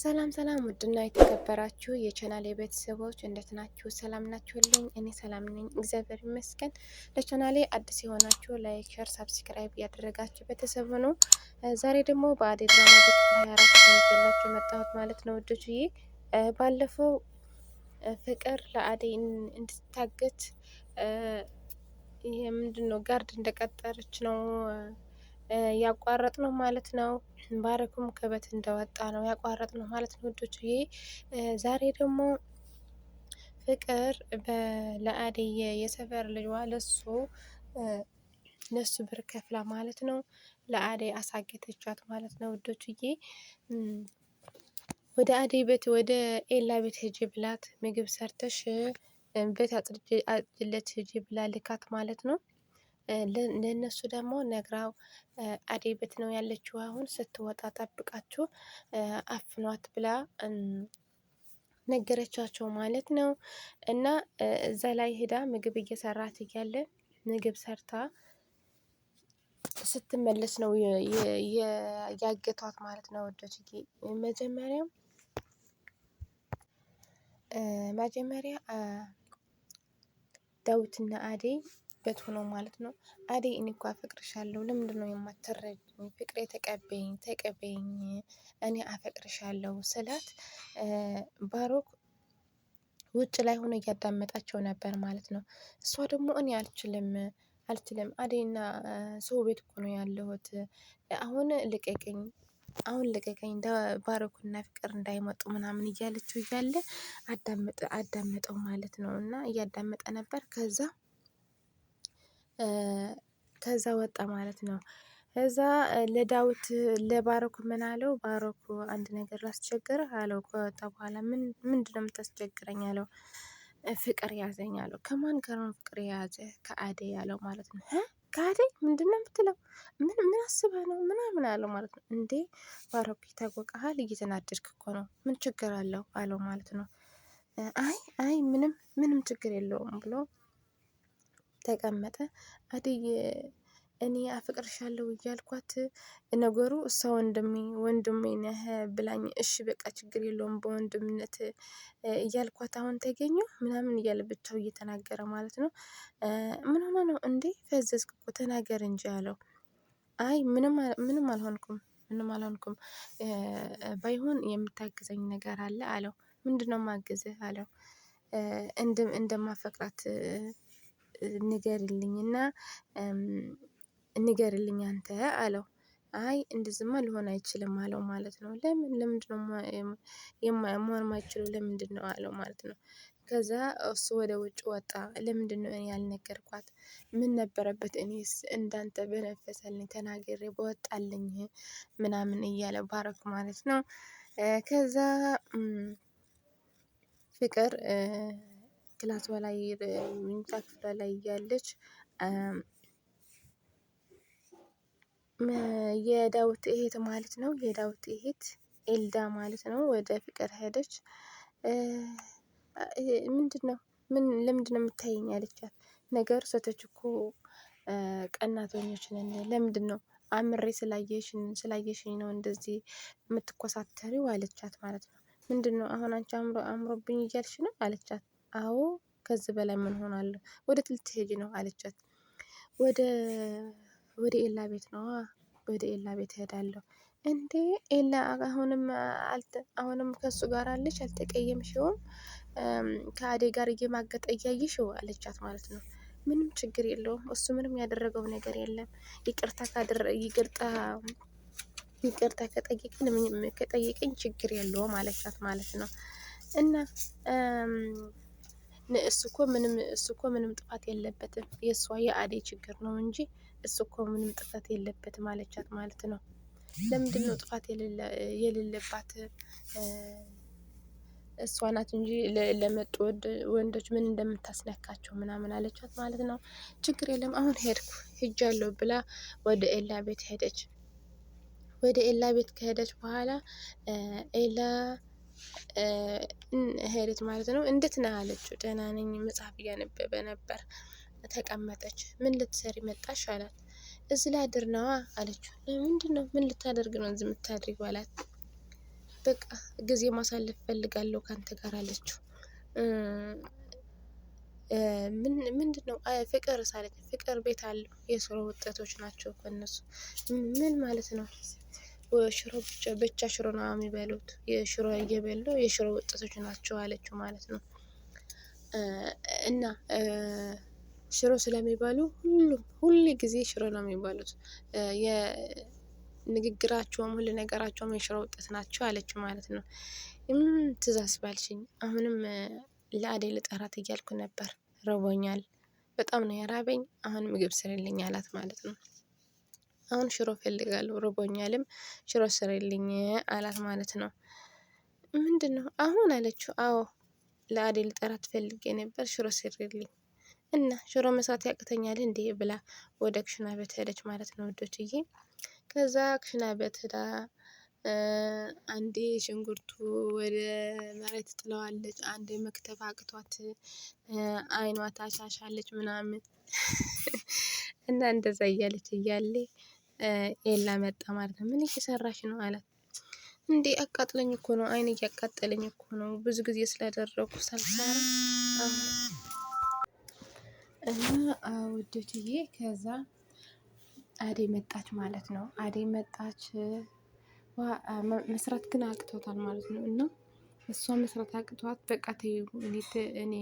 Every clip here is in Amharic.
ሰላም ሰላም፣ ውድና የተከበራችሁ የቻናል የቤተሰቦች እንዴት ናችሁ? ሰላም ናችሁልኝ? እኔ ሰላም ነኝ፣ እግዚአብሔር ይመስገን። ለቻናሌ አዲስ የሆናችሁ ላይክ፣ ሸር፣ ሳብስክራይብ ያደረጋችሁ ቤተሰብ ነው። ዛሬ ደግሞ በአደይ ድራማ ክፍል 24 ይዤላችሁ መጣሁት ማለት ነው ውዶችዬ። ባለፈው ፍቅር ለአደይ እንድታገት ምንድን ነው ጋርድ እንደቀጠረች ነው ያቋረጥ ነው ማለት ነው። ባረኩም ከበት እንደወጣ ነው ያቋረጥ ነው ማለት ነው ውዶች። ዛሬ ደግሞ ፍቅር ለአደይ የሰፈር ልጇ ለሱ ለሱ ብር ከፍላ ማለት ነው ለአደይ አሳጌተቻት ማለት ነው ውዶችዬ። ወደ አደይ ቤት ወደ ኤላ ቤት ሂጂ ብላት ምግብ ሰርተሽ ቤት አጽድጅለት ሂጂ ብላ ልካት ማለት ነው። ለእነሱ ደግሞ ነግራው አደይ ቤት ነው ያለችው አሁን ስትወጣ ጠብቃችሁ አፍኗት ብላ ነገረቻቸው ማለት ነው። እና እዛ ላይ ሄዳ ምግብ እየሰራት እያለ ምግብ ሰርታ ስትመለስ ነው ያገቷት ማለት ነው። ወደች መጀመሪያ መጀመሪያ ዳዊትና አደይ ያለበት ሆኖ ማለት ነው። አደይ እኔ እኮ አፈቅርሻለሁ ለምንድን ነው የማትረጅኝ? ፍቅሬ ተቀበይኝ፣ ተቀበይኝ እኔ አፈቅርሻለሁ ስላት ባሮክ ውጭ ላይ ሆኖ እያዳመጣቸው ነበር ማለት ነው። እሷ ደግሞ እኔ አልችልም አልችልም አደይና ሰው ቤት እኮ ነው ያለሁት። አሁን ልቀቀኝ፣ አሁን ልቀቀኝ ባሮክና ፍቅር እንዳይመጡ ምናምን እያለችው እያለ አዳመጠው ማለት ነው። እና እያዳመጠ ነበር ከዛ ከዛ ወጣ ማለት ነው። ከዛ ለዳዊት ለባሮክ ምን አለው? ባረኩ አንድ ነገር ላስቸግርህ አለው። ከወጣ በኋላ ምንድነው የምታስቸግረኝ አለው። ፍቅር ያዘኝ አለው። ከማን ጋር ነው ፍቅር የያዘ? ከአደይ አለው ማለት ነው። ከአደይ ምንድነው የምትለው? ምን ምን አስበህ ነው ምናምን አለው ማለት ነው። እንዴ ባሮክ ይታወቀሃል፣ እየተናደድክ እኮ ነው። ምን ችግር አለው አለው ማለት ነው። አይ አይ ምንም ምንም ችግር የለውም ብሎ ተቀመጠ። አደይ እኔ አፍቅርሻለሁ እያልኳት ነገሩ እሷ ወንድሜ ወንድሜ ነህ ብላኝ፣ እሺ በቃ ችግር የለውም በወንድምነት እያልኳት አሁን ተገኘው ምናምን እያለ ብቻው እየተናገረ ማለት ነው። ምን ሆነ ነው እንዴ ፈዘዝክ እኮ ተናገር እንጂ አለው። አይ ምንም አልሆንኩም፣ ምንም አልሆንኩም፣ ባይሆን የምታግዘኝ ነገር አለ አለው። ምንድነው ማግዝህ አለው። እንደማፈቅራት ንገርልኝና ንገርልኝ አንተ አለው። አይ እንደዝማ ሊሆን አይችልም አለው ማለት ነው። ለምን ነው መሆን ማይችለው ለምንድን ነው አለው ማለት ነው። ከዛ እሱ ወደ ውጭ ወጣ። ለምንድን ነው እኔ ያልነገርኳት? ምን ነበረበት? እኔስ እንዳንተ በነፈሰልኝ ተናግሬ በወጣልኝ ምናምን እያለ ባረኩ ማለት ነው። ከዛ ፍቅር ክላስ በላይ መኝታ ክፍሏ ላይ እያለች የዳዊት እህት ማለት ነው። የዳዊት እህት ኤልዳ ማለት ነው። ወደ ፍቅር ሄደች። ምንድን ነው ምን ለምንድን ነው የምታየኝ አለቻት። ነገሩ ሰተች እኮ ቀናተኞች ነን። ለምንድን ነው አምሬ ስላየሽኝ ስላየሽኝ ነው እንደዚህ የምትኮሳተሪው አለቻት ማለት ነው። ምንድን ነው አሁን አንቺ አምሮብኝ እያልሽ ነው አለቻት። አዎ ከዚህ በላይ ምን ወደ ወዴት ልትሄጂ ነው አለቻት። ወደ ወደ ኤላ ቤት ነዋ ወደ ኤላ ቤት እሄዳለሁ። እንዴ ኤላ አሁንም አሁንም ከሱ ጋር አለሽ አልተቀየምሽውም? ከአዴ ጋር እየማገጠ እያየሽው አለቻት ማለት ነው። ምንም ችግር የለውም እሱ ምንም ያደረገው ነገር የለም። ይቅርታ ካደረ ይቅርታ ይቅርታ ከጠየቀኝ ከጠየቀኝ ችግር የለውም አለቻት ማለት ነው። እና እሱ እኮ ምንም እሱ እኮ ምንም ጥፋት የለበትም የእሷ የአዴ ችግር ነው እንጂ እሱ እኮ ምንም ጥፋት የለበትም አለቻት ማለት ነው። ለምንድን ነው ጥፋት የሌለባት? እሷ ናት እንጂ ለመጡ ወንዶች ምን እንደምታስነካቸው ምናምን አለቻት ማለት ነው። ችግር የለም አሁን ሄድኩ ሄጃለሁ ብላ ወደ ኤላ ቤት ሄደች። ወደ ኤላ ቤት ከሄደች በኋላ ኤላ ሄሪት ማለት ነው። እንዴት ነህ አለችው። ደህና ነኝ መጽሐፍ እያነበበ ነበር። ተቀመጠች። ምን ልትሰሪ መጣሽ አላት። እዚህ ላድር ነዋ አለችው። ምንድን ነው ምን ልታደርግ ነው እዚህ የምታድሪው አላት። በቃ ጊዜ ማሳለፍ ፈልጋለሁ ካንተ ጋር አለችው። ምንድን ነው ፍቅር ሳለች፣ ፍቅር ቤት አለው የስራ ውጤቶች ናቸው እኮ እነሱ። ምን ማለት ነው ሽሮ ብቻ ሽሮ ነው የሚበሉት። የሽሮ እየበሉ የሽሮ ወጣቶች ናቸው አለችው ማለት ነው። እና ሽሮ ስለሚበሉ ሁሉም ሁል ጊዜ ሽሮ ነው የሚበሉት። የንግግራቸውም ሁሉ ነገራቸውም የሽሮ ውጤት ናቸው አለችው ማለት ነው። ትእዛዝ ባልሽኝ አሁንም ለአደይ ልጠራት እያልኩ ነበር። ርቦኛል፣ በጣም ነው የራበኝ። አሁን ምግብ ስሪልኝ አላት ማለት ነው። አሁን ሽሮ ፈልጋለሁ ርቦኛልም ሽሮ ስሪልኝ አላት ማለት ነው። ምንድን ነው አሁን አለችው። አዎ ለአዴ ልጠራት ፈልጌ ነበር ሽሮ ስሪልኝ እና ሽሮ መስራት ያቅተኛል እንዴ ብላ ወደ ክሽና ቤት ሄደች ማለት ነው ውዶችዬ። ከዛ ክሽና ቤት ሄዳ አንዴ ሽንኩርቱ ወደ መሬት ትጥለዋለች፣ አንዴ መክተፍ አቅቷት አይኗ ታሻሻለች ምናምን እና እንደዛ እያለች እያለ ኤላ መጣ ማለት ነው። ምን እየሰራሽ ነው አላት። እንዴ አቃጥለኝ እኮ ነው፣ አይን እያቃጠለኝ እኮ ነው፣ ብዙ ጊዜ ስላደረጉ ሳልሰራ እና ውዶችዬ። ከዛ አዴ መጣች ማለት ነው። አዴ መጣች መስራት ግን አቅቶታል ማለት ነው። እና እሷ መስራት አቅቷት በቃ እኔ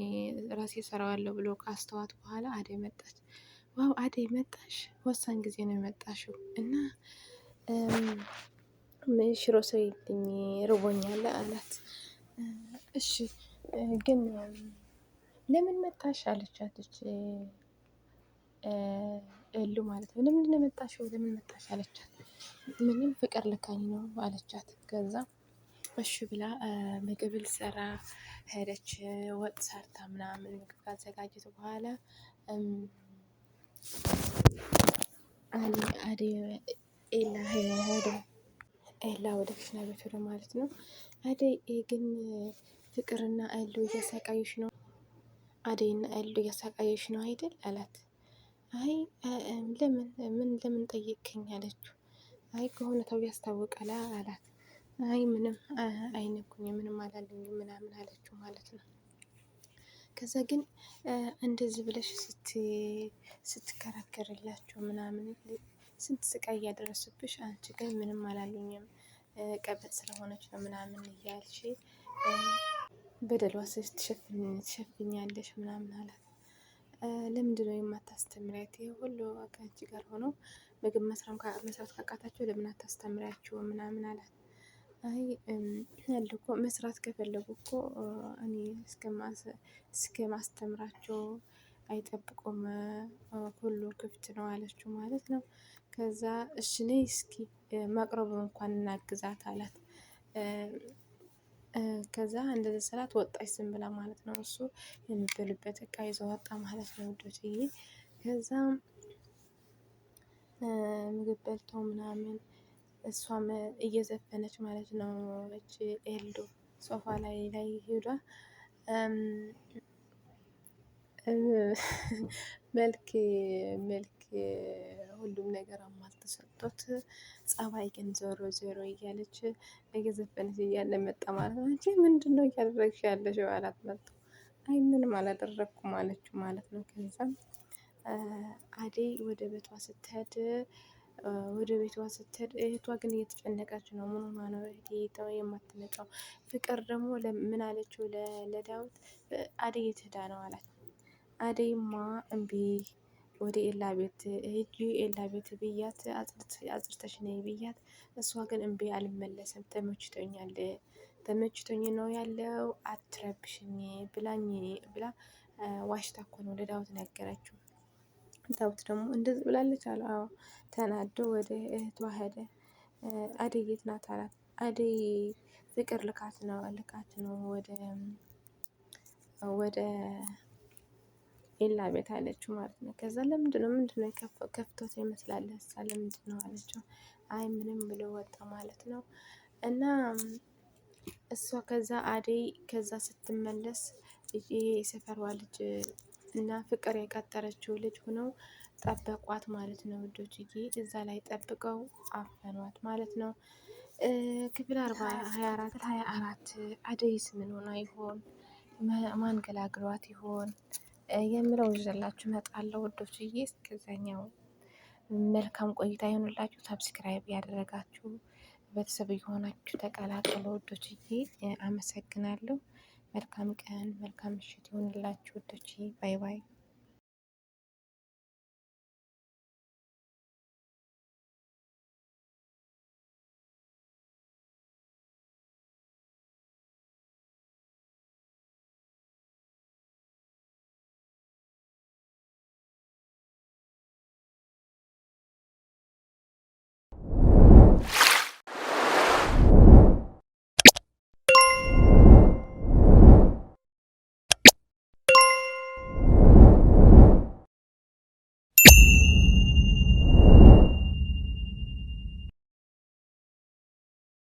ራሴ ሰራዋለሁ ብሎ ካስተዋት በኋላ አዴ መጣች። ዋው አደይ መጣሽ፣ ወሳኝ ጊዜ ነው የመጣሽው እና ሽሮ ስሪልኝ ርቦኛል አላት። እሺ ግን ለምን መጣሽ አለቻት እሉ ማለት ነው። ለምንድን ነው የመጣሽው ለምን መጣሽ አለቻት። ምንም ፍቅር ልካኝ ነው አለቻት። ከዛ እሺ ብላ ምግብ ልሰራ ሄደች። ወጥ ሰርታ ምናምን ምግብ ካዘጋጀት በኋላ ኤላ ኤላ ወደ ክሽና ቤት ወደ ማለት ነው። አደይ ግን ፍቅርና አሉ እያሳቃዮች ነው አደይና አሉ እያሳቃዮች ነው አይደል አላት። አይ ለምን ምን ለምን ጠየቅከኝ አለችው። አይ ከሆነ ተው ያስታውቃል አላት። አይ ምንም አይነኩኝ ምንም አላለኝ ምናምን አለችው ማለት ነው። ከዛ ግን እንደዚህ ብለሽ ስትከራከርላቸው ምናምን ስንት ስቃይ እያደረሱብሽ፣ አንቺ ግን ምንም አላሉኝም ቀበጥ ስለሆነች ነው ምናምን እያልሽ በደሏ ትሸፍኛለሽ ምናምን አላት። ለምንድን ነው የማታስተምሪያት? ይህ ሁሉ ከአንቺ ጋር ሆኖ ምግብ መስራት ካቃታቸው ለምን አታስተምሪያቸው ምናምን አላት። አይ ያለ እኮ መስራት ከፈለጉ እኮ እኔ እስከ ማስተምራቸው አይጠብቁም፣ ሁሉ ክፍት ነው አለችው ማለት ነው። ከዛ እሽ ነይ እስኪ መቅረቡ እንኳን እናግዛት አላት። ከዛ እንደዚ ስላት ወጣች ዝም ብላ ማለት ነው። እሱ የሚበሉበት እቃ ይዞ ወጣ ማለት ነው ውዶችዬ። ከዛ ምግብ በልተው ምናምን እሷም እየዘፈነች ማለት ነው። እች ኤልዶ ሶፋ ላይ ላይ ሄዷ መልክ መልክ ሁሉም ነገር አሟልቶ ሰጥቶት፣ ጸባይ ግን ዞሮ ዞሮ እያለች እየዘፈነች እያለ መጣ ማለት ነው። አንቺ ምንድን ነው እያደረግሽ ያለሽ አላት። መጡ አይ ምንም አላደረግኩም አለችው ማለት ነው። ከዛም አዴ ወደ ቤቷ ስትሄድ ወደ ቤቷ ስትሄድ እህቷ ግን እየተጨነቀች ነው። ምን ሆና ነው እህቴ የማትመጣው? ፍቅር ደግሞ ምን አለችው ለዳዊት? አደይ የትዳ ነው አላት። አደይማ እምቢ ወደ ኤላ ቤት ሂጂ ኤላ ቤት ብያት አጽርተሽ ነይ ብያት፣ እሷ ግን እምቢ አልመለሰም። ተመችቶኛል ተመችቶኝ ነው ያለው አትረብሽኝ ብላኝ ብላ ዋሽታ እኮ ነው ለዳዊት ነገረችው። ታውት ደግሞ እንደዚህ ብላለች አለ። አዎ ተናዶ ወደ እህቷ ሄደ። አደይ የት ናት አላት። አደይ ፍቅር ልካት ነው ልካት ነው ወደ ወደ ኤላ ቤት አለችው ማለት ነው። ከዛ ለምንድን ነው ምንድን ነው ከፍቶት ይመስላል እሳ ለምንድን ነው አለችው። አይ ምንም ብሎ ወጣ ማለት ነው። እና እሷ ከዛ አደይ ከዛ ስትመለስ ይሄ የሰፈሯ ልጅ እና ፍቅር የቀጠረችው ልጅ ሆነው ጠበቋት ማለት ነው ውዶችዬ። እዛ ላይ ጠብቀው አፈኗት ማለት ነው። ክፍል አርባ ሀያ አራት ሀያ አራት አደይስ ምን ሆና ይሆን? ማንገላግሏት ይሆን የምለው ይዘላችሁ እመጣለሁ ውዶችዬ። እስከዚያኛው መልካም ቆይታ ይሆንላችሁ። ሰብስክራይብ ያደረጋችሁ ቤተሰብ የሆናችሁ ተቀላቀሉ ውዶችዬ። አመሰግናለሁ። መልካም ቀን፣ መልካም ምሽት ይሆንላችሁ ውዶቼ። ባይ ባይ።